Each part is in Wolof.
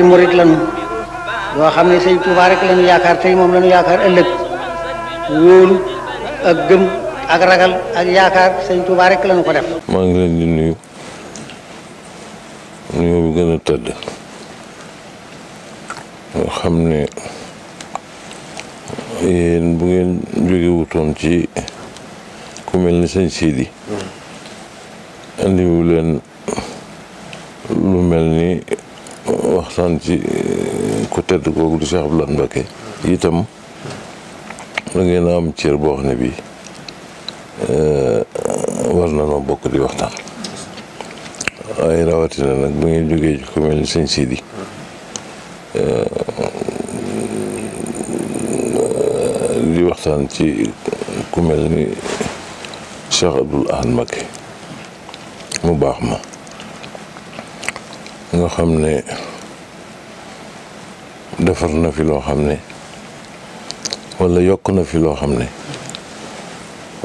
ay murit lañu yoo xam ne sëñ Tuubaa rek lañu yaakaar tey moom lañu yaakaar ëllëg wóolu ak gëm ak ragal ak yaakaar sëñ Tuubaa rek lañu def. maa ngi di nuyu nuyoo bi gën a tëdd nga xam ne yéen bu ngeen jóge wutoon ci ku mel ni sëñ Sidi. Hmm. andiwu leen lu mel ni. waxtaan ci eh, ku tedd kooku du Cheikh Abdoulaye Mbacké itam da ngeen a am cër boo xam ne eh, war na noo bokk di waxtaan waaye rawatina nag bu ngeen jógee ci ku mel ni sëñ Sidi eh, di waxtaan ci ku mel ni Cheikh Abdoul Ahad Mbacké mu baax ma nga xam ne defar na fi loo xam ne walla yokk na fi loo xam ne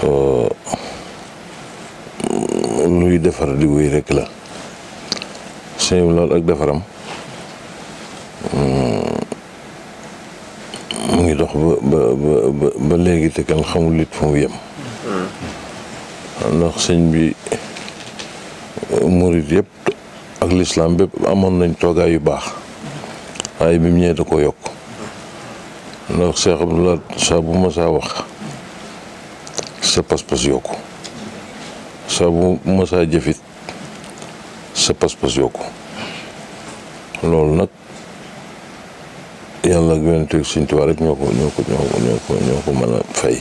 euh, luy defar di wéy rek la sëñ lool ak defaram hmm, mu ngi dox ba ba ba léegi te kan xamul it fu mu yem hmm. ndax sëñ bi euh, murit yëpp ak lislaam bépp amoon nañ toogaay yu baax waaye bi mu ñëwee da ko yokk ndax Cheikh Abdoulaye saa bu ma wax sa pas-pas yokku saa bu sa pas-pas yokku loolu nag yàlla ak yonent ak Sëñ Tuubaa rek ñoo ko ñoo ko ñoo ko ñoo ko mën a fay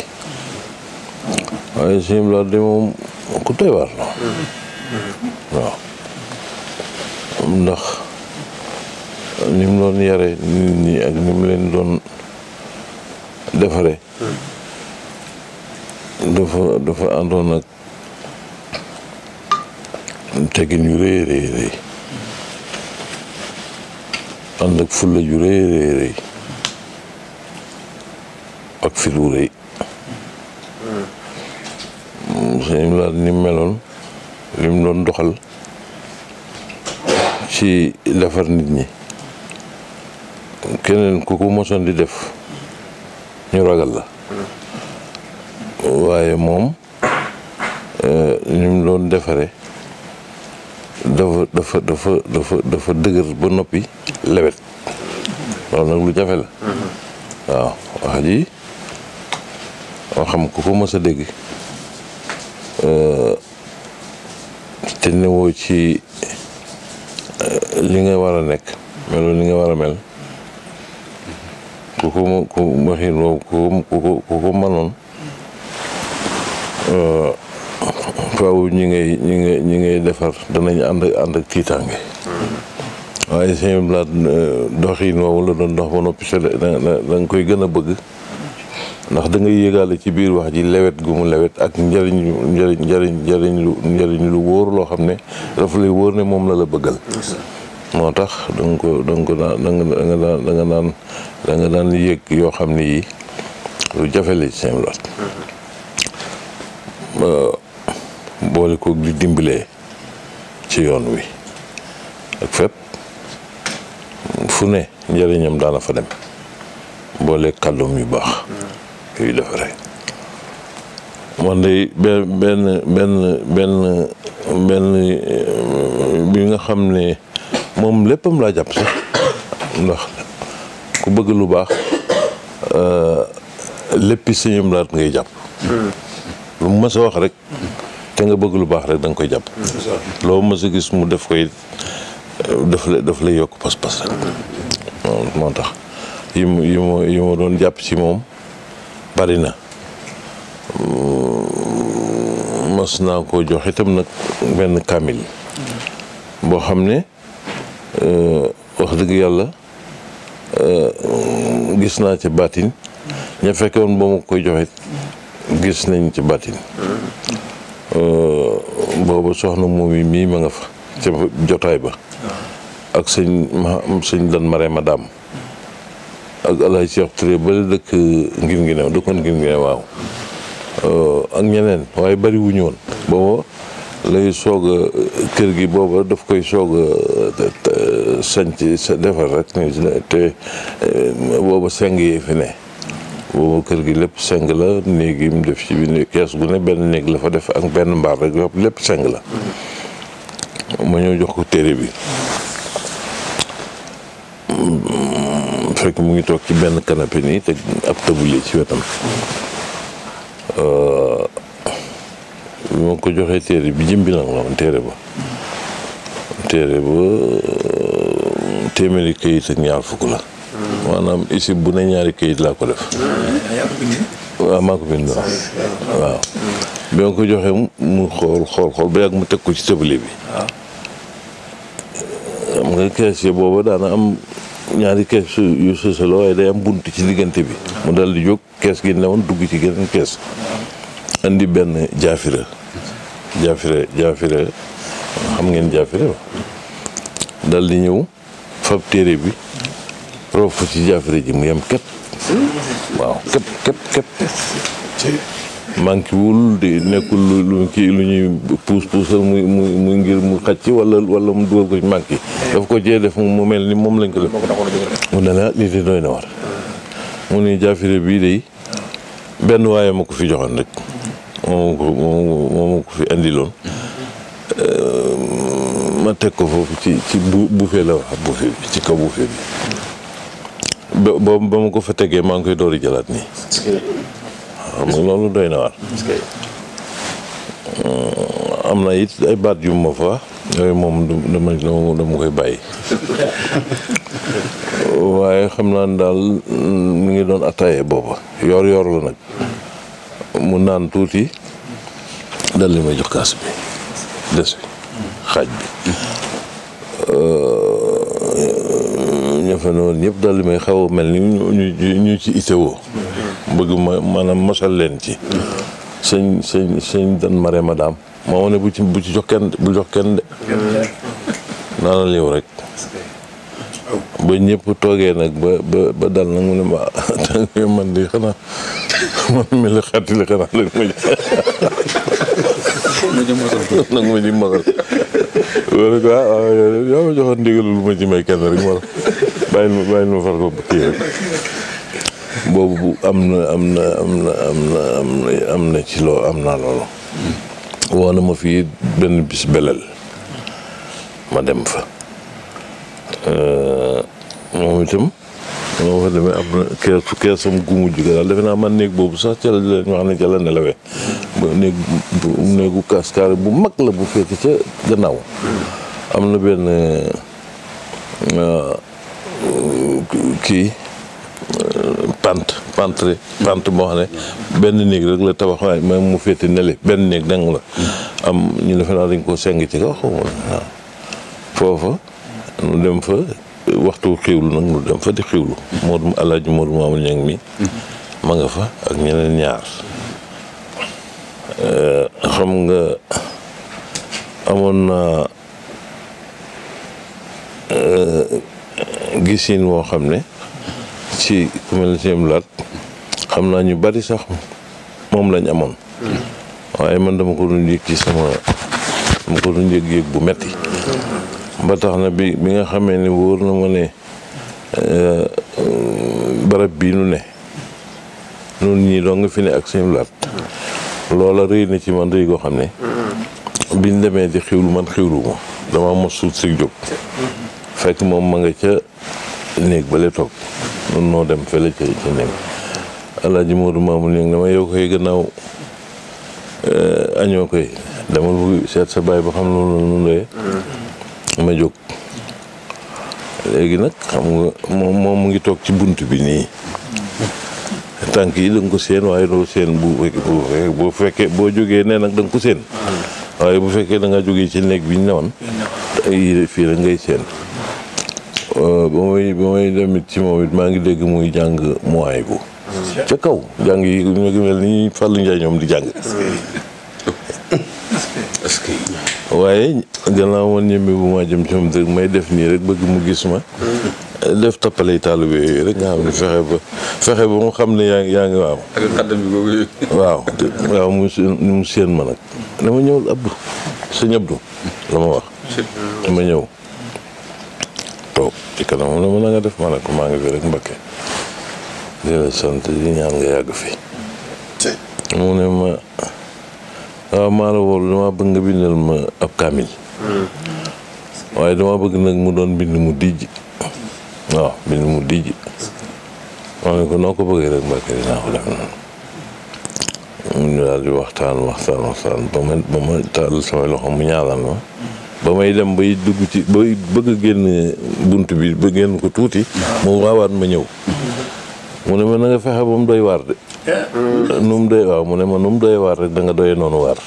waaye Sëñ Abdoulaye de moom ku doy waar ndax ni doon yare nit ñi ak ni leen doon defare dafa dafa àndoon ak teggin yu rëy rëy rëy ànd ak fulla ju rëy rëy ak fit wu rëy mm. sëñ Laat ni meloon li doon doxal ci defar nit ñi keneen ku ko mosoon di def ñu ragal la waaye moom ñu eh, mu doon defare dafa dafa dafa dafa dëgër ba noppi lewet loolu nag lu jafe la waaw wax ji moo ku ko mës a dégg eh, te newoo ci li nga war a nekk melu li nga war a mel ku ko ku waxin boobu ku ko ku ko euh, ngay ñi ngay defar danañ ànd ak ànd tiitaange waaye seen blaat euh, doxin woowu la doon dox ba noppi sa da koy gën a bëgg ndax dangay ngay yëgaale ci biir wax ji lawet gu mu lewet ak njariñ njëriñ njëriñ njëriñ lu njëriñ lu wóor loo xam ne dafa lay wóor ne moom la la bëggal moo tax da nga ko da nga ko daan da nga daan da yëg yoo xam ni yi lu jafe la seen lot mm-hmm. boole koog di dimbalee ci yoon wi ak fépp fu ne njëriñam daana fa dem boole kàllum yu baax mm-hmm. yuy defaree man de benn benn benn benn eh, bi nga xam ne moom léppam laa jàpp sax ndax ku bëgg lu baax euh, léppi sëñ Abdou Lahad ngay jàpp. lu mu mës a wax rek. te nga bëgg lu baax rek da nga koy jàpp. loo mës a gis mu def koy euh, daf lay daf lay yokk pas-pas rek. moo tax yi ma yi ma doon jàpp ci moom bari na. mas naa ko jox itam nag benn kaamil. boo xam ne. Euh, wax dëgg yàlla euh, gis naa ci baatin ña fekkoon ba ma koy joxe gis nañ ci baatin euh, booba soxna moom yi mii ma nga fa ca jotaay ba ak sëñ ma sëñ mare ma daam ak alaay Cheikh Touré ba dëkk ngir ngi new dëkkoon ngir ngi waaw ak ñeneen waaye bari woon booba lay soog a kër gi booba daf koy soog a sanc sa defar rek te eh, booba seng yi fi ne booba kër gi lépp seng la néeg yi mu def ci bi kees gu ne benn néeg la fa def ak benn mbaar rek yop lépp seng la ma ñëw jox ko téere bi fekk mu ngi toog ci benn canapé nii te ab tabulier ci wetam euh, bi ma ko joxee téere bi jëm bi nga woon téere ba téere ba téeméeri kayit ak ñaar fukk la maanaam isib bu ne ñaari kayit laa ko def waaw maa ko bind waaw bi ma ko joxee mu xool xool xool ba yàgg mu teg ko ci tëbale bi am nga kees booba daana am ñaari kees yu sësaloo waaye day am bunt ci diggante bi mu dal di jóg kees gi ne woon dugg ci geneen kees andi benn jaafira jaafira jaafira xam ngeen jaafira dal di ñëw fab téere bi roof ko ci jaafira ji mu yem képp waaw képp képp képp wul di nekkul lu lu kii lu ñuy puus puusal muy ngir mu xacc wala mu dugal ko ci manqué daf ko jee def mu mel ni moom lañ ko def mu ne la lii doy na war mu ne jaafire bii de benn waaye ma ko fi joxoon rek moom ko ko fi andiloon euh, ma teg ko foofu ci ci la wax buufee bi ci kaw buufee bi ba ba ma ko fa tegee maa ngi koy door a jëlaat nii waaw moom loolu doy na waar euh, am na it ay baat yu ma fa yooyu moom dama koy bàyyi waaye xam naa ni daal mu mm, ngi doon attaaye booba yor yor la nag mu naan tuuti dal li may jox kaas bi des bi xaaj bi ñoo fa noonu ñëpp dal li may xaw a mel ni ñu ñu ci itewoo bëgg ma maanaam mosal leen ci sëñ sëñ sëñ dan mare madame moo ma ne bu ci bu ci jox kenn bu jox kenn de naanal yow rek ba ñëpp toogee nag ba dal nag mu ne ma man di xanaa man xanaa nag ma ma ji kenn rek ma bàyyil bàyyil ma far ko rek boobu am na am na am na am na am na am na ci loo am naa loolu woo na ma fii benn bis belal ma dem fa euh, moom itam moo fa demee am na keesu keesam gu mujj ga daal defe naa man néeg boobu sax ca la ne ca la nelawee ba néegu kaskaare bu mag la bu fekk ca gannaaw am na benn euh, kii euh, pant pantre pant boo xam ne benn néeg rek la tabax waaye même mu fete nele benn néeg dang la am ñu defe naa dañ ko seng ci kaw xaw ma foofa nu dem fa waxtu xiwlu nag nu dem fa di xiwlu Modou Alaaji Modou Mamoun Niang mi ma nga fa ak ñeneen ñaar eh, xam nga amoon na eh, gisin woo xam ne ci ku mel ne laat xam naa ñu bari sax moom lañ amoon mm. waaye man dama ko doon yëg ci sama dama ko doon yëg-yëg bu metti ba tax na bi bi nga xamee ni wóor na ma ne euh, barab bii nu ne nun ñii doo nga fi ne ak seen laat loola rëy na ci man rëy goo xam ne biñ demee di xiwlu man xiwlu ma dama mos suut si jóg fekk moom ma nga ca néeg bale toog nun noo dem fele ca ca néeg alaaji Moodu Maamu néeg dama yow koy gannaaw euh, añoo koy demal bu seet sa baay ba xam loolu noonu ma jóg léegi nag xam nga moom moom mu ngi toog ci bunt bi nii tànk yi da ko seen waaye doo seen bu boo fekkee boo jógee nee nag da ko seen waaye bu fekkee danga nga jógee ci néeg bi ñu newoon ay fii rek ngay seen euh, ba may ba demit ci moom it maa ngi dégg muy jàng mooy bu ca kaw jàng yi ñu mel ni Fallou Ndiaye ñoom di jàng waaye gannaaw man ñembi bu ma ci moom dëgg may def nii rek bëgg mu gis ma. def tappale taalibe yooyu rek nga xam ne fexe ba mu xam ne yaa ngi yaa ngi waaw. ak xaddam bi boobu waaw mu seen mu seen ma nag. dama ñëwul Abdou sëñ la ma wax. dama ñëw toog ci kanam la mën a nga def ma ne ko maa ngi fi rek Mbakke di ñaan nga yàgg fi. mu ne ma. waaw maa woolu damaa bëgg nga bindal ma ab kaamil waaye damaa bëgg nag mu doon bind mu dijj waaw bind mu dijj maa ne ko noo ko bëggee rek Mbàkke dinaa ko def noonu waxtaan waxtaan waxtaan ba ma taal samay loxo mu ñaanal ma ba may dem bay dugg ci bay bëgg génn bunt bi ba génn ko tuuti mu waawaat ma ñëw mu ne ma na fexe ba mu doy waar de Eh. nu mu doy waaw mu ne ma nu mu doy waar rek da nga doy noonu waar.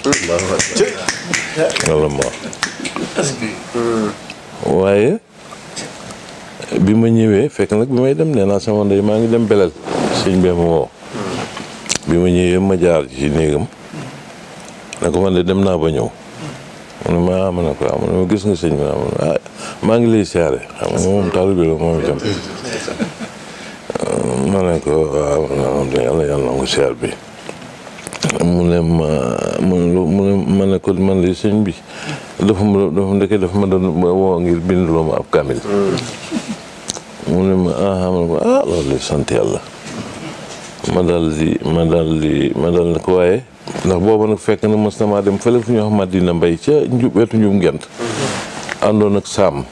waaye bi ma ñëwee fekk nag bi may dem nee naa maa ngi dem belal sëñ bi ma woo. bi ma ñëwee ma jaar ci néegam ne ko man de dem naa ba ñëw. mu ne ma ah ma ne ah, gis nga sëñ ah, ah, maa ngi lay siyaare xam nga moom taalibe la moom itam. ma ne ko waaw yàlla yàlla nangu siyaar bi mu ne ma mu ne ma ne ko man li sëñ bi dafa ma dafa ma doon woo ngir binduloo ma mu ne ma ah ma ne ko ah, sant yàlla ma dal di ma daal di ma daal ne ko waaye ndax booba nag fekk na mos na maa dem fële fu ñuy wax Madina Mbay ca njub wetu njub ngent àndoon ak saam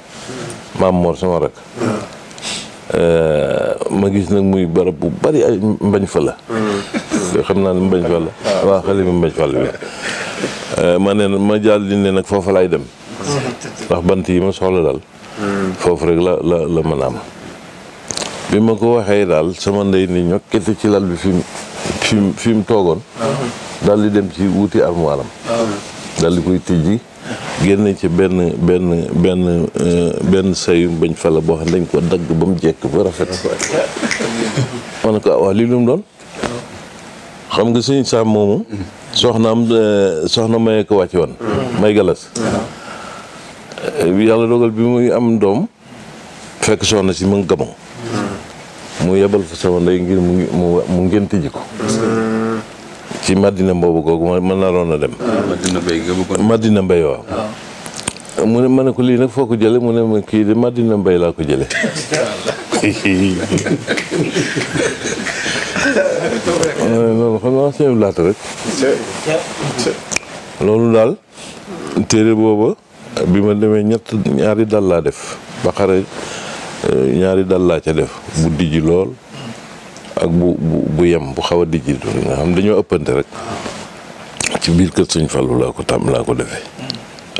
maam Mor sama rak eh, ma gis nag muy barab bu bari ay mbañ fa la mm-hmm. xam naa ni mbañ fa la ah. waaw xale bi mbañ fa la eh, ma ne ma jàll li ne nag foofa laay dem mm-hmm. ndax bant yi ma soxla daal mm-hmm. foofu rek la la la mën a am bi ma ko waxee daal sama ndey ni ñokkete ci lal bi fi mu fi toogoon uh-huh. daal di dem ci wuti armoire am uh-huh. daal di koy tijji génn ci benn benn benn euh, benn sayu bañ fala boo xam ne dañ ko dagg ba mu jekk ba rafet ma ne ah, lii lu mu xam nga suñu saam moomu soxnaam euh, soxna may ko wàcce woon may galas euh, yàlla dogal bi muy am doom fekk soxna si mu ngi mu yebal fa sama ndey ngir mu mu ngénte ji ko ci Madina mboobu googu mën na roon a dem. Ah, Madina Mbaye nga ah. mu ne ma ne ko lii nag foo ko jëlee mu ne ma kii de Madina Mbaye laa ko jëlee. loolu xam loolu daal. téere booba bi ma demee ñett ñaari dal laa def ba xare eh, ñaari dal laa ca def guddi ji lool. ak bu bu yem bu xaw a dijji nga xam dañoo ëppante rek ci biir kër Sëñ Fallu laa ko tam laa ko defee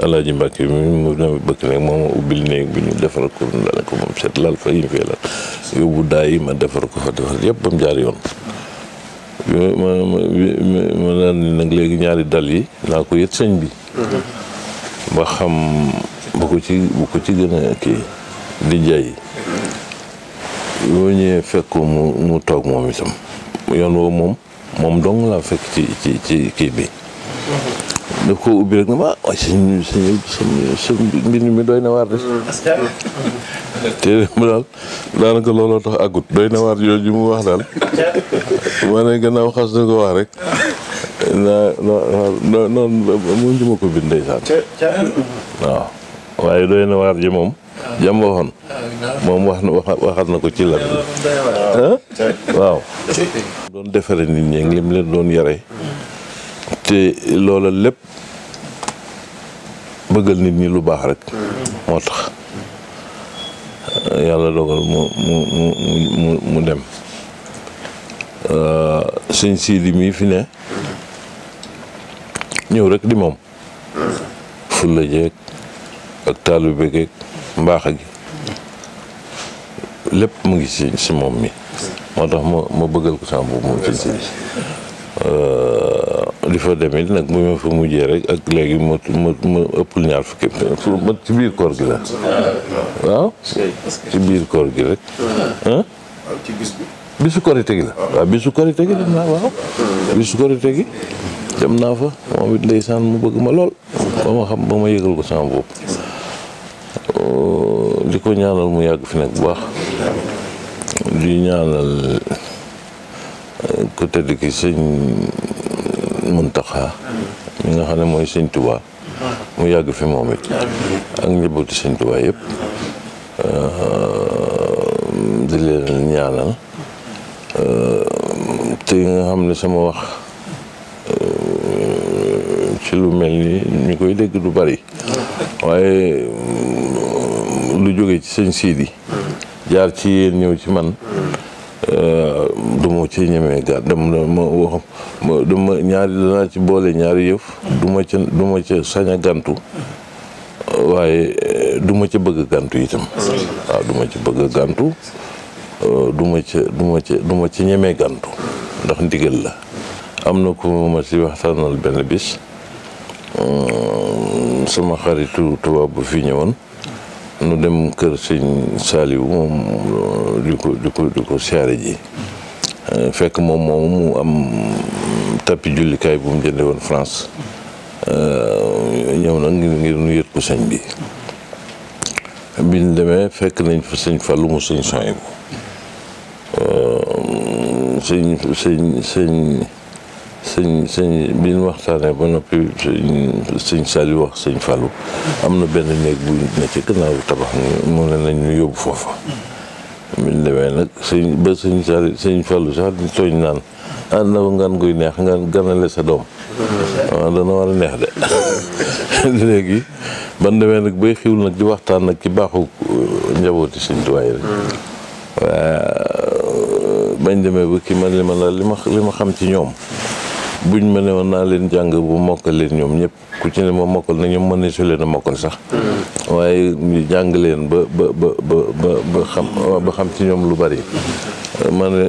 Alaaji Mbàkke mi mu ne bëgg nag moom a ubbil néeg bi ñu defar ko ko la yóbbu daay ma defar ko fa defar yëpp ba mu jaar yoon bi ma ma daan ni nag léegi ñaari dal yi naa ko yët sëñ bi mhm. ba xam bu ko ci bu ko ci gën a kii di boo ñëwee fekk mu mu toog moom itam yoon woo moom moom dong laa fekk ci ci ci kii bi daf ko ubbi rek na ma ay sëñ sëñ sëñ mbind mi doy na waar de te mu daal daanaka looloo tax na waar yooyu mu wax daal ma ne ko wax rek naa naa noonu moom ji ko bind ndeysaan waaw waaye doy na waar ji moom jam waxoon moom wax na waxat na ko ci lan waaw doon defare nit ñi lim leen doon yare te loola lépp bëggal nit ñi lu baax rek moo tax yàlla dogal mu mu mu mu dem sëñ siidi mii fi ne ñëw rek di moom fulla jeeg ak taalu begeeg mbaax gi lépp mu ngi ci si moom mi moo tax ma ma bëggal ko sama bopp moom sëñ si li fa demee nag bu ma fa mujjee rek ak léegi ma ma ma ëppul ñaar fukki ma ci biir koor gi la waaw ci biir koor gi rek ci bis bi bisu korite gi la waaw bisu korite naa korite gi dem naa fa moom it ndeysaan mu bëgg ma lool ba ma xam ba ma yëgal ko sama li ko ñaanal mu yàgg fi nag bu baax di ñaanal ku tedd ki sëñ Muntaxa nga xam ne mooy sëñ Tuubaa mu yàgg fi moom it ak njabootu sëñ Tuubaa yëpp di leen ñaanal te nga xam ne sama wax ci lu mel ni ñu koy dégg du bari waaye lu jóge ci sëñ Sidi jaar ci yéen ñëw ci man euh, du ma ci ñemee gàtt dama ma ci boole ñaari yëf du ma ca du ma ca sañ a waaye euh, duma ma ca bëgg gàntu itam waaw du ma ca bëgg gantu euh, du ma ca du ma ca du ma ca ñemee gàntu ndax ndigal la am na ko ma ci waxtaanal benn bis suma xaritu tubaab bu fi ñëwoon nu dem kër sëñ Saaliw moom di ko di ko siyaare ji eh, fekk moom moomu mu am tappi jullikaay bu mu jënde woon France eh, ñëw na ngir ngir nu yët ko bi biñ demee fekk nañ fa sëñ Fàllu mu sëñ Soyibu eh, sëñ sëñ sëñ sëñ sëñ bi ñu waxtaanee ba noppi sëñ Saliou wax sëñ Fallou am na benn néeg bu ne ci tabax ni mu ne nañ ñu yóbbu foofa mi nag sëñ ba sëñ Saliou sëñ falu sax di tooñ naan ah ndaw ngan guy neex nga ganale sa doom waaw ah, dana war a neex de léegi ban demee nag bay xiwul nag di waxtaan nag ki baaxu uh, njabooti sëñ tuwaay rek mm. waa bañ demee ba kii man li ma la li ma xam ci ñoom buñ ma ne woon naa leen jàng bu mokkal leen ñoom ñëpp ku ci ne ma mokkal na ñoom mën ne su leen a mokkal sax mm-hmm. waaye ñu jàng leen ba ba ba ba xam ba xam ci ñoom lu bari mm-hmm. ma ne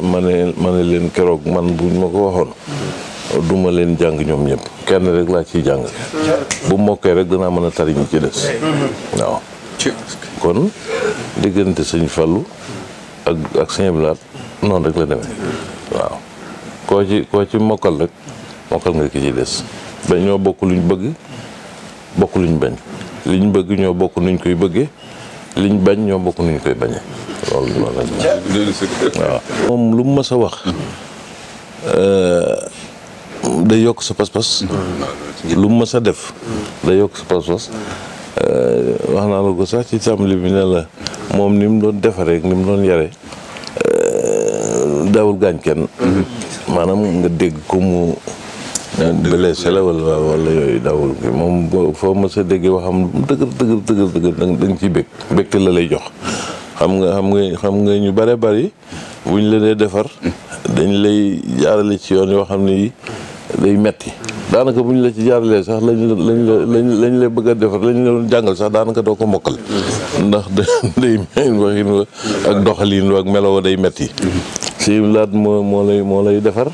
ma ne ma ne leen keroog man buñ ma ko waxoon mm-hmm. duma leen jàng ñoom ñépp kenn rek laa ciy jàng bu mokkee rek danaa mën a tariñ ci des waaw kon diggante sëñ Fallou ak ak sëñ Blaat rek la demee waaw koo ci koo ci mokkal rek mokkal nga ki ci des ba ñoo bokk luñ bëgg bokk luñ bañ liñ bëgg ñoo bokk nuñ koy bëggee liñ bañ ñoo bokk nuñ koy bañee loolu loolu waaw moom lu mu mës a wax euh, day yokk sa pas-pas lu mu mës a def day yokk sa pas-pas euh, wax naa la ko sax ci tàmbali bi ne la moom ni mu doon defaree ni mu doon yare euh, daawul gaañ kenn maanaam nga dégg ko mu. blessé la wala wala yooyu dawul moom foo ma sa déggee waxam dëgër dëgër dëgër dëgër dañ ciy bég bégte la lay jox xam nga xam nga xam nga ñu bare bari buñ la dee defar dañ lay jaarale ci yoon yoo xam ni yi day metti daanaka buñ la ci jaaralee sax lañ la lañ lañ la bëgg a defar lañ la doon jàngal sax daanaka doo ko mokkal ndax day waxin ak doxalin wa ak melo day metti si laat moo moo lay moo lay defar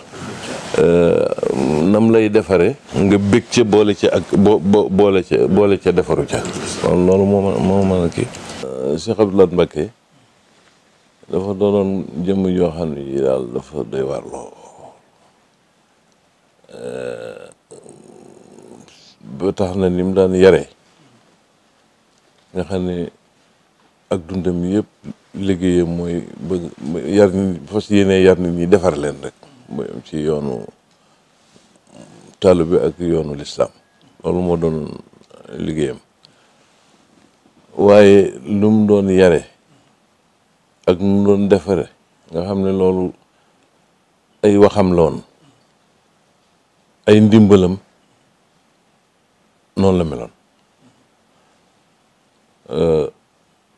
euh, nam lay defare nga bég ca boole ca ak bo boole ca boole ca defaru ca loolu moo moo a kii euh, Cheikh Abdou Lahad Mbacké dafa doonoon jëmm yoo xam ne yi daal dafa doy waar loo euh, ba tax na ni mu daan yare nga xam ne ak dundam yëpp liggéeyam mooy bëgg yar nit fas yéene yar nit ñi defar leen rek mooy ci yoonu taalu bi ak yoonu lislaam loolu moo doon liggéeyam waaye lu mu doon yare ak nu mu doon defare nga xam ne loolu ay waxam la ay ndimbalam noonu la meloon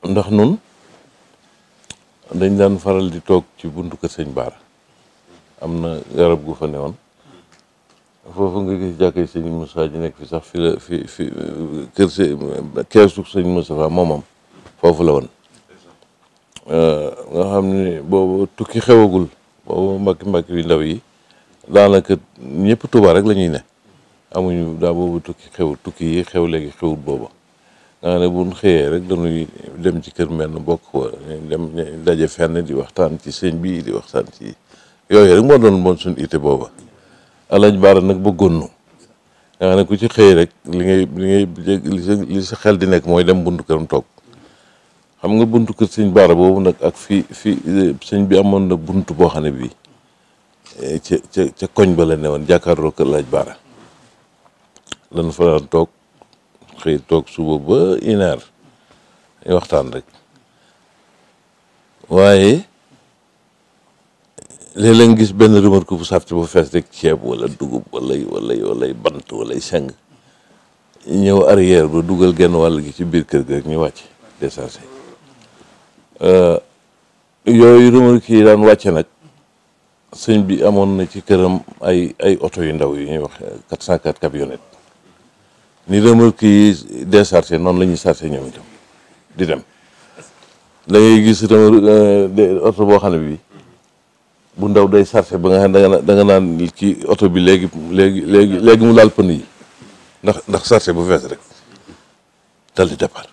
ndax nun dañ daan faral di toog ci buntu kër sëñ Baara am na garab gu fa newoon foofu nga gis jàkkee sëñ Moussa ji nekk fi sax fi la fi fi kër si keesu sëñ Moustapha moomam foofu la woon nga xam ne boobu tukki xewagul boobu mbàkki mbàkki yu ndaw yi daanaka ñëpp Tuubaa rek lañuy ne amuñu daa boobu tukki xew tukki yi xew léegi xewut booba nga ne buñ xëyee rek dañuy dem ci kër mel bokk ko dem daje fenn di waxtaan ci sëñ bii di waxtaan ci yooyu rek moo doon moon suñu ité boobu alaaj baara nag bëggoon nu nga ne ku ci xëy rek li ngay sa xel di nekk mooy dem buntu këram toog xam nga buntu kër sëñ baara boobu nag ak fi fi sëñ bi amoon na buntu boo xam ne bii eh, ca ca ca koñ ba la ne woon jàkkaarloo kër laaj baara lan fa daan toog xëy toog suba ba une heure waxtaan rek waaye léeg-léeg gis benn remarque bu sart bu fees rek ceeb wala dugub wala wala wala bant wala seng ñëw arrière ba dugal genn wàll gi ci biir kër gi rek ñu wàcc déchargé euh, yooyu remarque yi daan wàcce nag sëñ bi amoon na ci këram ay ay oto yu ndaw yu ñuy wax quatre cent quatre camionnettes ni remorque yi déchargé noonu lañuy ñuy chargé ñoom itam di dem dangay ngay gis remorque oto boo xam ne bi bu ndaw day chargé ba nga xam danga da nga naan ci oto bi léegi léegi léegi léegi mu laal pën yi ndax ndax chargé bu fees rek dal di départ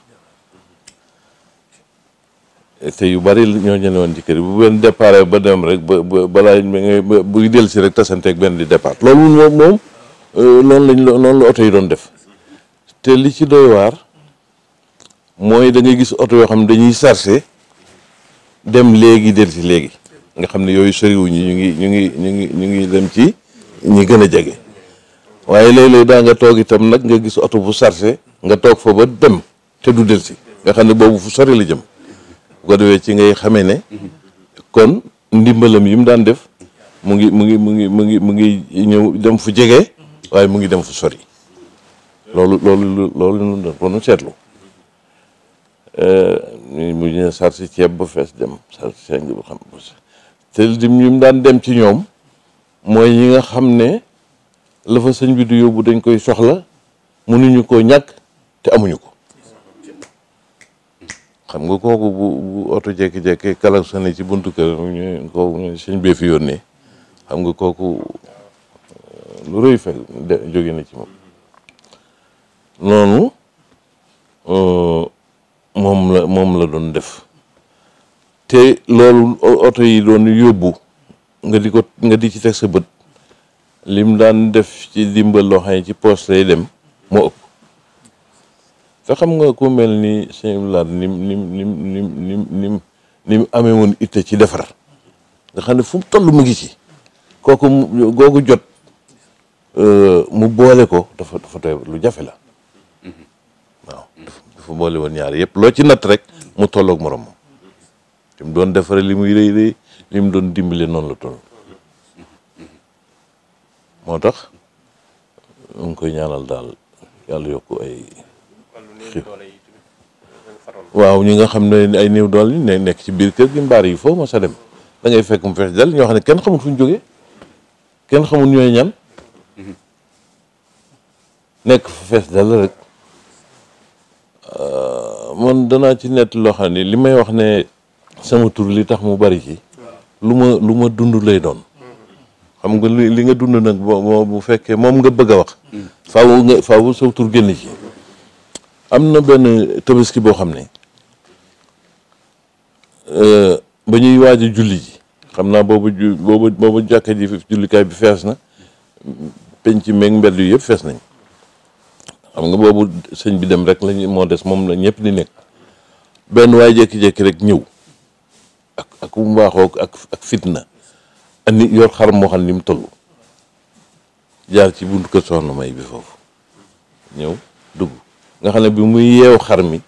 te yu bari ñoo ñëw woon ci kër bu benn départ ba dem rek ba ba balaa bu dellu si rek tasanteeg benn di départ loolu moom moom euh, noonu lañ noonu la oto yi doon def. te li ci doy waar mooy da gis oto yoo xam ne dañuy chargé dem léegi delsi léegi nga xam ne yooyu soriwuñu ñu ngi ñu ngi ñu ngi ñu ngi dem ci ñi gën a jege waaye léeg-léeg daa nga toog itam nag nga gis oto bu chargé nga toog fa ba dem te du delsi nga xam ne boobu fu sori la jëm bu ko defee ci ngay xamee ne kon ndimbalam yi mu daan def mu ngi mu ngi mu ngi mu ngi mu ngi ñëw dem fu jege waaye mu ngi dem fu sori loolu loolu loolu ñu doon ko nu seetlu eh, ñu mu ñu sar si ceeb ba fees dem sar si ceeb ba xam daan dem ci ñoom mooy ñi nga xam ne la sëñ bi du yóbbu dañ koy soxla mënuñu koo ñàkk te amuñu ko xam nga kooku bu oto jékki-jékki kala sa ne ci buntu kër ñu kooku sëñ bee fi yónnee xam nga kooku eh, lu rëy fekk jóge na ci moom noonu euh, moom la moom la doon def te loolu oto yi doon yóbbu nga di ko nga di ci teg sa bët lim daan def ci dimbal loo ci poste lay dem moo ëpp te xam nga ku mel ni sëñ Abdoulaye nim nim nim nim nim nim ni mu amee woon itte ci defar nga xam ne fu mu toll mu ngi ci kooku googu jot euh, mu boole ko dafa dafa doy lu jafe la dafa boole woon ñaar yëpp loo ci natt rek mu tolloog morom li mu doon defare li muy rëy rëy li mu doon dimbale noonu la toll moo tax mu koy ñaanal daal yàlla yokk ay waaw ñi nga xam ne ay néew doole ne nekk ci biir kër gi mbaar yi foofu ma sa dem da fekk mu fees dal ñoo xam ne kenn xamul fu ñu jógee kenn xamul ñooy ñan nekk fa fees dal rek man danaa ci nett loo xam ne li may wax ne sama tur li tax mu bari ci lu ma lu ma dund lay doon xam nga li nga dund nag boo bu fekkee moom nga bëgg a wax faawu nga faawu tur génn ci am na benn tabaski boo xam ne euh, ba ñuy waaj a julli ji xam naa boobu ju boobu jàkka ji jullikaay bi fees na penc meeg mbedd yu yëpp fees nañ xam nga boobu sëñ bi dem rek lañ moo des moom la ñëpp di nekk benn waaye jékki-jékki rek ñëw ak ak mu ak fitna andi yor xar moo ni mu toll jaar ci buntu kër soxna may bi ñëw dugg nga bi muy yeew xar mi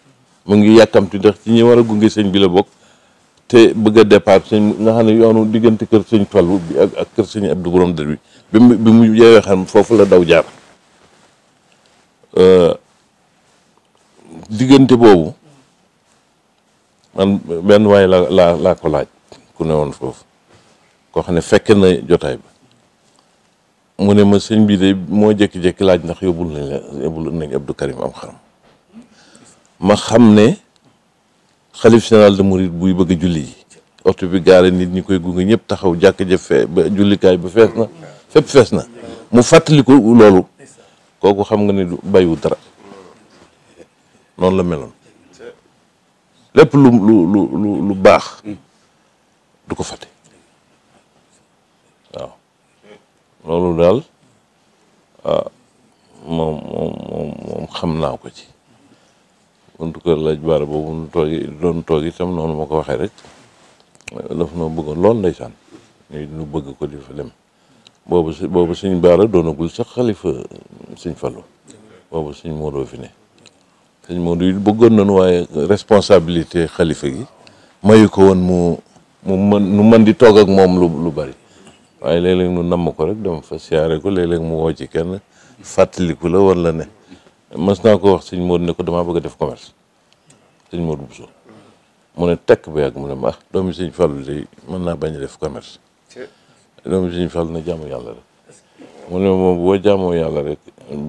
mu ngi yàkkamti ndax ci ñi war sëñ bi bokk te bëgg a départ sëñ nga xam ne yoonu diggante kër sëñ toll bi ak ak kër sëñ Abdou Borom dër bi bi mu yeewee xar mi foofu la daw jaar. Euh, diggante boobu man benn waay la laa laa ko laaj ku ne woon foofu koo xam ne fekke na jotaay ba mu ne ma sëñ bi de moo jékki-jékki laaj ndax yóbbul nañ la Karim am xaram ma xam ne xalif général mu Mouride buy bëgg julli ji oto bi gaare nit ñi koy gunge ñëpp taxaw jàkk ja fee ba jullikaay ba fees na fépp fees na mu fàttali ko loolu kooku xam nga ni bayu dara noonu la meloon lépp lu lu lu lu baax du ko fate waaw loolu daal ah moom moom xam naa ko ci buntu kër laaj baara boobu nu toogi doon toog itam noonu ma ko waxee rek daf noo bëggoon lool ndeysaan ñu bëgg ko di fa dem boobu si boobu suñ baara doonagul sax xalifa suñ Fallu boobu suñ Modou fi ne suñ Modou it bëggoon nañu waaye responsabilité xalifa gi mayu ko woon mu mu mën nu mën di toog ak moom lu lu bari waaye léeg-léeg nu namm ko rek dama fa siyaare ko léeg-léeg mu woo ci kenn fàttaliku la war la ne mas naa ko wax suñ Modou ne ko damaa bëgg a def commerce suñ Modou Bousso mu ne tekk ba yàgg mu ne ma ah doomi suñ Fallu de mën naa bañ a def commerce doomu Sëriñ Fall na jaamu yàlla rek mu ne moom boo jaamoo yàlla rek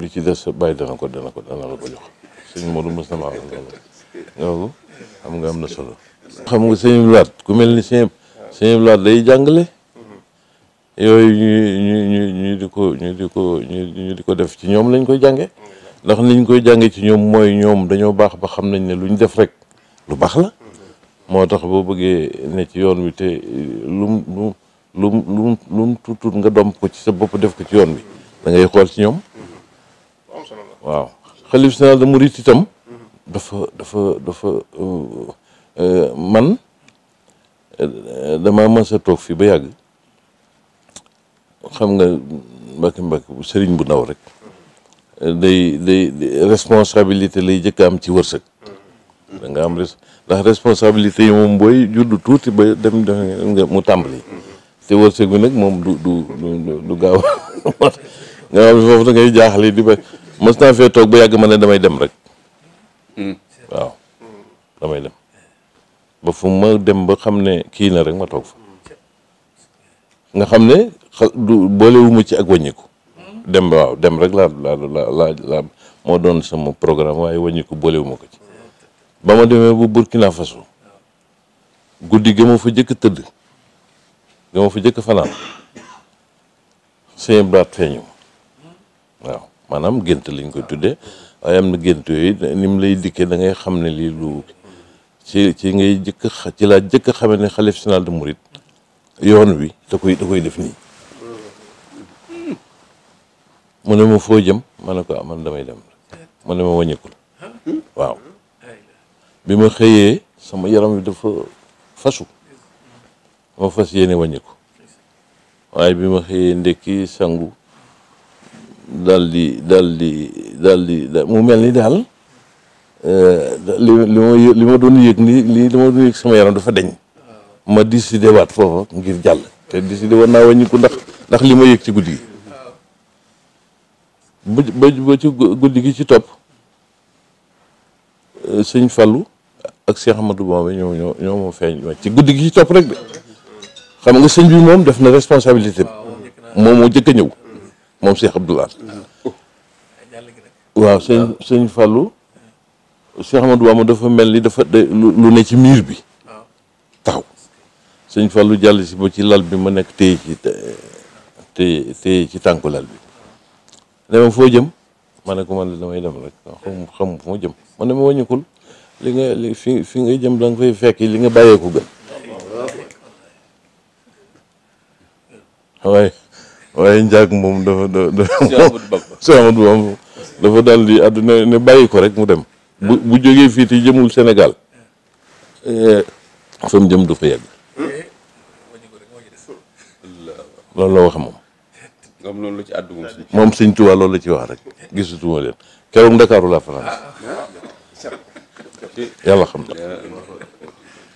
li ci des sa bàyyi dana ko dana ko dana ko jox sëñ Modou mos na maa xam nga am na solo. xam nga sëñ Laat ku mel ni sëñ sëñ Laat day jàngale. yooyu ñu ñu ñu di ko ñu di ko ñu di ko def ci ñoom lañ koy jànge ndax niñ koy jànge ci ñoom mooy ñoom dañoo baax ba xam nañ ne lu ñu def rek lu baax la. moo tax boo bëggee ne ci yoon wi te lu lu mu lu mu lu mu tuut tuut nga domp ko ci sa bopp def ko ci yoon bi da ngay xool ci ñoom waaw xalif général de murit itam dafa dafa dafa euh, euh, man euh, dama mën sa toog fi ba yàgg xam nga mbàkki mbàkki bu sëriñ bu ndaw rek day day responsabilité lay jëkk am ci wërsëg da nga am ndax responsabilité yi moom booy judd tuuti ba dem def mu tàmbali te wërsëg bi nag moom du du du du gaaw nga xam da ngay jaaxle di ba mës naa ba yàgg ma ne damay dem rek hmm. waaw damay dem ba fu ma dem ba xam ne kii na rek ma toog fa nga xam ne du boolewuma ci ak wàññiku dem waaw dem rek laa laa laa moo doon sama programme waaye wàññiku boolewuma ko ci ba ma demee bu Burkina Faso guddi ga ma fa jëkk tëdd nga ma jëkk fanaan sëñ Blaat feeñu waaw maanaam gént lañ koy tuddee waaye am na gént yooyu ni mu lay dikkee da ngay xam ne lii lu ci ngay jëkk ci laa jëkk xamee ne xalif général de Mouride yoon wi da koy koy def nii mu ne ma foo jëm ma ne ko ah, man damay dem mu ne ma wàññikul waaw bi ma xëyee sama yaram wi dafa fasu ma fas yéene wàññiku waaye bi ma xëyee ndekki sangu daal di daal mu mel ni daal eh, li li ma doon yëg ni li li ma doon yëg sama yaram dafa deñ ma décidé waat ngir jàll te décidé war naa wàññiku ndax ndax li ma yëg ci guddi gi ci gi ci topp eh, sëñ falu ak Cheikh Amadou Bamba ñoo ñoo ñoo ma feeñ ci guddi gi ci topp rek de xam nga sëñ bi moom def na responsabilité moom moo jëkk a ñëw moom Cheikh Abdoulaye waaw sëñ sëñ Fallou Cheikh Amadou mel ni dafa lu ne ci miir bi taw sëñ Fallou jàll si ba ci lal bi ma nekk téye ci téye ci tànku lal bi ne foo jëm ma ne ko man de damay dem rek xam xam fu jëm ma ne ma wàññikul li nga fi fi nga jëm da nga fay fekk li nga bàyyeeku gën waaye waaye njaag moom dafa dafa di àdduna ne bàyyi ko rek mu dem bu bu jógee fii te jëmul Sénégal eh, fa jëm du fa yegg loolu la wax moom loolu la ci àddu moom suñ. moom suñ loolu la ci wax rek gisatuma leen keroog Ndakaaru laa fanaan ah. xam na.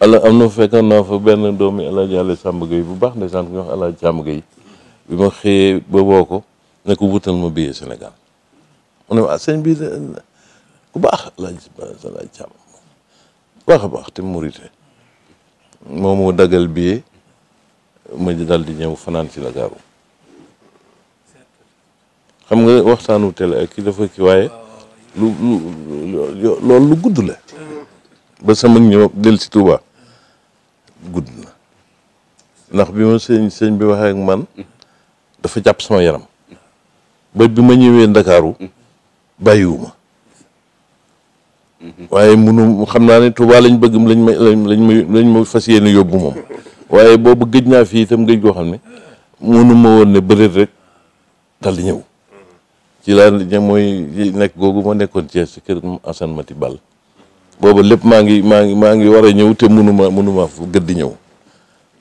ala am na fekkoon naa fa benn doomi alaaji àlla Sàmba bu baax ndeysaan ku ñuy wax alaaji Sàmba Gey bi ma xëyee ba woo ko ne ko wutal ma billet Sénégal mu ma ah sëñ bi ku baax baax a baax te murite moom moo dagal ma dal di ñëw fanaan ci Ndakaaru xam nga waxtaanu télé ak ki dafa ki waaye lu lu loolu lu gudd la ba sama ñëw del si Touba guddi na ndax bi ma sëñ sëñ bi waxee ak man dafa jàpp sama yaram ba bi ma ñëwee ndakaaru bàyyiwuma waaye munu xam naa ne Tuubaa lañ bëgg lañ ma lañ ma lañ ma fas yéene yóbbu moom waaye boobu gëj naa fii tam gëj goo xam ne munu ma woon ne bëreet rek dal di ñëw ci laa mooy nekk googu ma nekkoon ci kër Assane Mati Ball booba lépp maa ngi maa ngi maa ngi war a ñëw te mënuma mënuma gëdd ñëw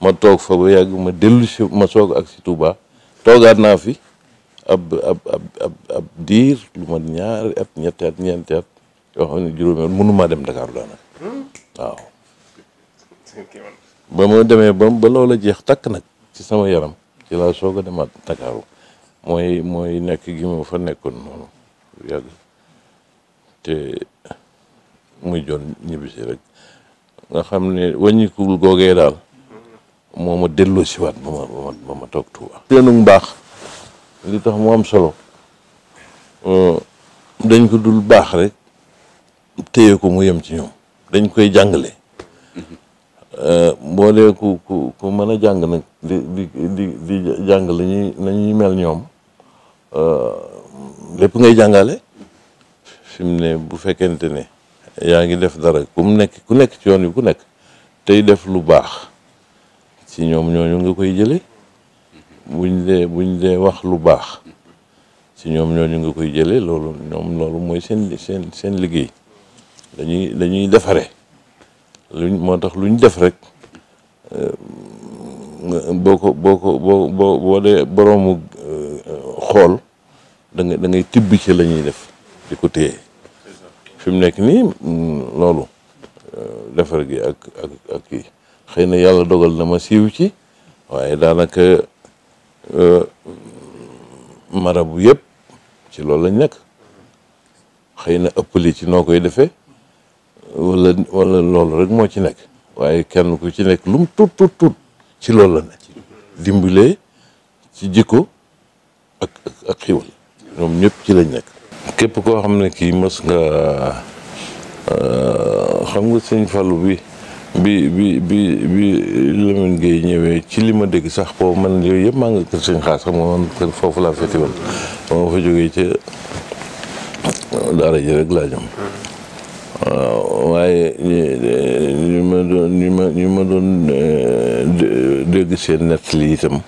ma toog fa ba yàgg ma dellu si ma soog ak si Touba toogaat naa fi ab ab ab diir lu ma ñaari at ñetti at yoo xam ne juróomi at mënumaa dem Dakar daanaka waaw ba ma demee ba ba a jeex takk nag ci sama yaram ci laa soog a demaat Dakaaru mooy mooy nekk gi ma fa nekkoon noonu yàgg muy joon ñibbisi rek nga xam ne wàññikul googee daal moo ma delloo si waat ba ma ba ma toog Tuuba seenu mbaax li tax mu am solo euh, dañ ko dul baax rek téye ko mu yem ci ñoom dañ koy jàngale euh, boo dee ku ku mën a jàng nag di di di jàng la ñuy la mel ñoom euh, lépp ngay jàngale fim ne bu fekkente ne yaa ngi def dara ku mu nekk ku nekk ci yoon bi ku nekk tey def lu baax ci ñoom ñooñu nga koy jële buñ dee buñ dee wax lu baax ci ñoom ñooñu nga koy jële loolu ñoom loolu mooy seen seen seen liggéey dañuy dañuy defare luñ moo tax lu luñ def rek euh, boo ko boo ko boo boo boo dee boroomu euh, xool da nga da ngay tibb ci la ñuy def di ko téye fi mu nekk nii loolu euh, defar gi ak ak ak xëy na yàlla dogal na ma siiw ci waaye daanaka euh, marabu yëpp ci loolu lañ nekk xëy na ëppali ci noo koy defee wala wala loolu rek moo ci nekk waaye kenn ku ci nekk lum tut tut tut ci loolu la nekk dimbalee ci jikko ak ak ak xiwal ñoom ñëpp ci lañ nekk képp koo xam ne kii mës nga euh, xam nga sëñ Fallou bi bi bi bi bi Lamine ñëwee ci li ma dégg sax boobu man yooyu yëpp maa nga kër sëñ xaas xam nga man foofu laa féete woon moo fa jógee ca euh, daara ji rek laa jëm waaye euh, ñu ma doon ñu ma doon dégg seen nett itam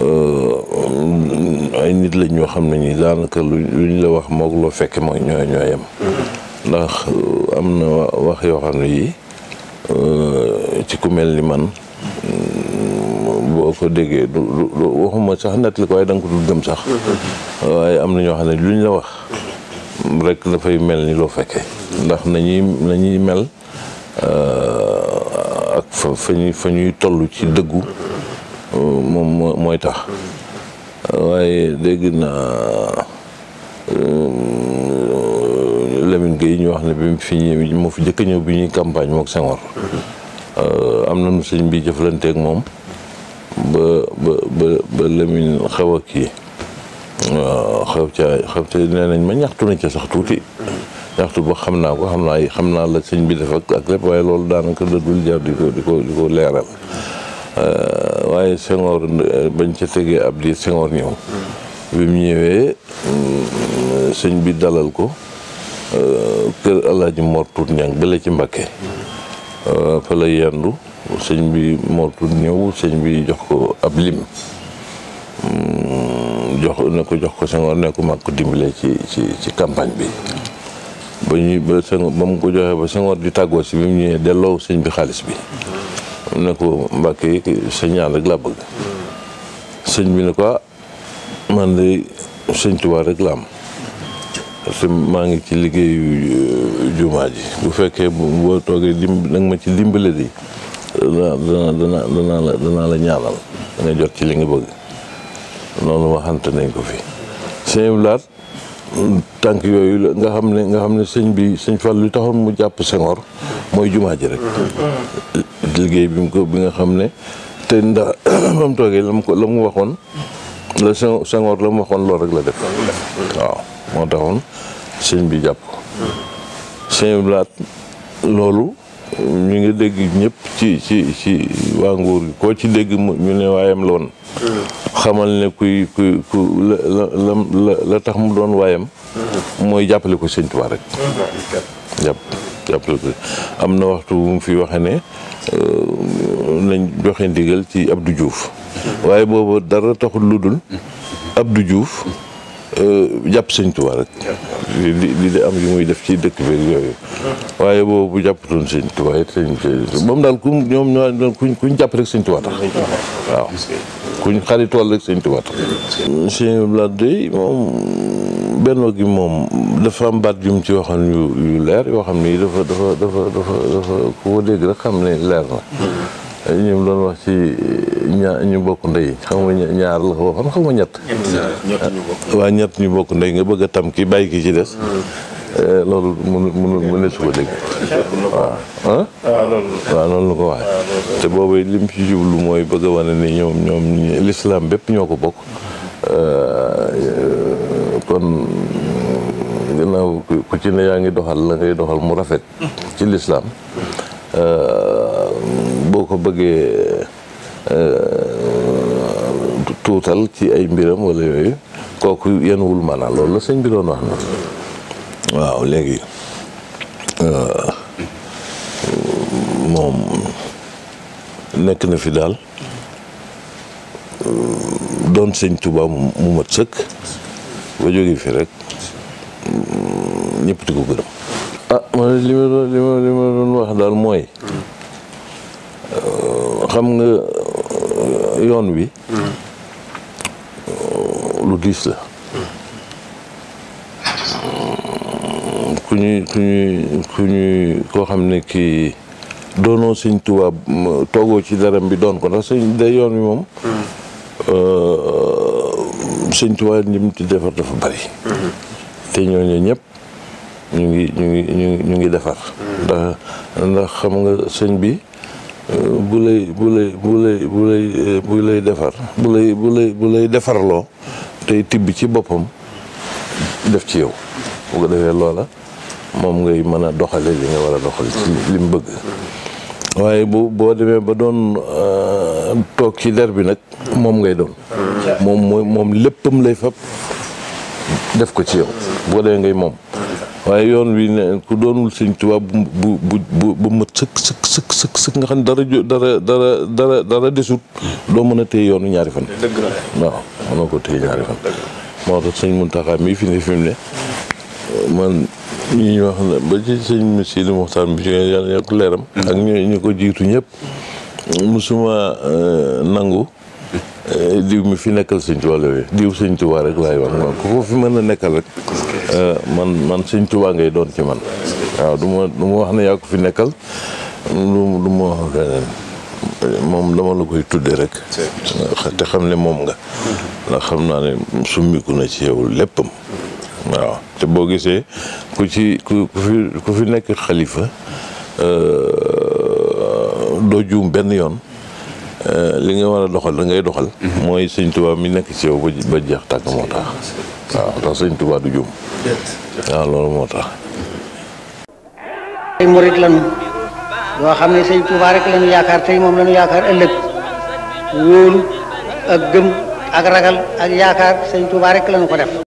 Euh, ay nit lañ yoo xam ne ni daanaka lu ñu la wax moog loo fekkee mooy ñooy ñooyam ndax euh, am na wax yoo xam ne yii euh, ci ku mel ni man mm, boo ko déggee du du waxuma sax nettali ko waaye da nga ko dul gëm sax waaye am na ñoo xam ne lu ñu la wax rek dafay mel ni loo fekke ndax na nañuy nañuy mel ak fa fa ñuy fa toll ci dëggu moom mooy tax waaye dégg naa euh, lemin Gueye ñu wax ne bi mu fi ñëw moo fi njëkk a ñëw bi ñuy campagne mook Senghor euh, am na nu sëñ bi jëflanteek moom ba ba ba ba Lamine xaw a kii waaw xaw ca xaw ca nee nañ ma ñaxtu nañ ca sax tuuti ñaxtu ba xam naa ko xam naa xam naa la sëñ bi def ak ak waaye loolu daanaka dëddul jar di ko di ko leeral euh, waaye Senghor eh, bañ ca tegee ab diir Senghor ñëw bi mu ñëwee mm, sëñ bi dalal ko eh, kër alaaji mortut ñang bale ci Mbakke eh, fa la yendu sëñ bi mortut ñëw sëñ bi jox ko ab lim mm, jox ne ko jox ko Senghor ne ko mag ko dimbale ci ci ci campagne bi ba ñuy ba Senghor ba mu ko joxee ba Senghor di tàggoo si bi mu ñëwee delloo sëñ bi xaalis bi ne ko Mbàkke sa ñaan rek laa bëgg sëñ bi ne ko ah, man de sëñ Tuubaa rek laa am te maa ngi ci liggéeyu euh, jumaa ji bu fekkee boo toogee dimb nag ma ci dimbale di dana danaa la ñaanal da jot ci li nga bëgg noonu waxante nañ ko fi sëñ laat tànk yooyu nga xam ne nga xam ne sëñ bi sëñ Fall lu taxoon mu jàpp Senghor mooy jumaa ji rek liggéey bi mu ko bi nga xam ne te ndax ba mu toogee la mu ko la mu waxoon la Senghor la mu waxoon loolu rek la def waaw moo taxoon sëñ bi jàpp sëñ laat loolu ñu ngi dégg ñépp ci ci ci waa nguur gi koo ci dégg ñu ne waayam la xamal ne kuy kuy ku la la la tax mu doon waayam mm-hmm. mooy jàppale ko sëñ rek mm-hmm. jàppale ko am na waxtu mu fi waxee ne euh, nañ joxe ndigal ci Abdou juuf waaye boobu dara taxul lu dul Abdou juuf euh, jàpp sëñ Tuubaa rek li de am yu muy def ci dëkk bi yooyu waaye boobu jàpp jàppatoon sëñ Tuubaa moom daal ñoo kuñ kuñ jàpp rek sëñ Tuubaa tax waaw kuñ xaritool rek sëñ Tuubaa tax sëñ Abdoulaye moom benno gi moom dafa am baat jum ci waxoon yu leer yoo xam ni dafa dafa dafa dafa dafa ku dégg rek xam ne leer na ñoom doon wax ci ñaar ñu bokk ndey xam nga ñaar la ñu bokk ndey nga bëgg a tam ki bàyyi ki ci des eh, loolu mënu mënu mënu su ko dégg waaw ah, ah waaw noonu la ko waxee ah, te boobu lim ci jublu mooy bëgg a wane ni ñoom ñoom l'islam bépp ñoo ko bokk eh, kon ginnaaw ku ci ne yaa ngi doxal la ngay doxal mu rafet ci lislaam euh, boo ko bëggee euh, tuutal ci ay mbiram wala yooyu kooku yenuwul maanaam loolu la sëñ bi wax na waaw léegi euh, moom nekk na fi daal doon sëñ Tuubaa mu mat sëkk ba jógee fi rek ñëpp di ko ah man li ma li ma doon wax daal mooy. Euh, xam nga euh, yoon wi. Euh, lu diis la. ku ñuy ku ñuy ku ñuy koo xam ne kii doonoo sëñ tubaab toogoo ci daram bi doon ko ndax sëñ day yoon wi moom. Hmm. sëñ Tuubaa lim ci defar dafa bari te ñooñu ñëpp ñu ngi ñu ngi ñu ñu ngi defar ndax ndax xam nga sëñ bi euh, bu lay bu lay bu lay bu lay euh, bu lay defar bu lay bu lay tey tibb ci boppam def ci yow bu ko loola moom ngay mën a doxale li nga war a doxal ci li bëgg waaye bu boo demee ba doon euh, toog ci der bi nag moom ngay doon moom mooy moom léppam lay fab def ko ci yow boo dee ngay moom waaye yoon wi ne ku doonul sëñ Tuubaa bu bu bu mët sëkk sëkk sëkk sëkk nga xam ne dara dara dara dara dara desut doo mën a téye yoonu ñaari fan waaw mënoo ko téye ñaari fan moo tax sëñ Muntaxa mii fi ne fi mu ne man wax na ba ci sëñ monsieur di Muxtaar bi ci yàlla ñu ñu ko jiitu ñëpp musuma euh, nangu euh, diw mi fi nekkal sëñ Tuubaa yooyu diw sëñ Tuubaa rek laay wax man ko fi mën a nekkal rek euh, man man sëñ Tuubaa ngay doon ci man waaw du ma wax ne yaa ku fi nekkal du ma wax moom dama la koy tudde rek te xam ne moom nga ndax xam naa ne summiku na ci yow léppam waaw te boo gisee ku ci ku fi ku fi nekk xalifa doo juum benn yoon euh, li nga war a doxal da ngay doxal mhm. mooy sëñ Tuubaa mi nekk ci yow ba jeex tàkk moo tax waaw ndax sëñ Tuubaa du juum waaw loolu moo tax ay murit lañu yoo xam ne sëñ Tuubaa rek lañu yaakaar tey moom lañu yaakaar ëllëg wóolu ak gëm ak ragal ak yaakaar sëñ Tuubaa rek lañu ko def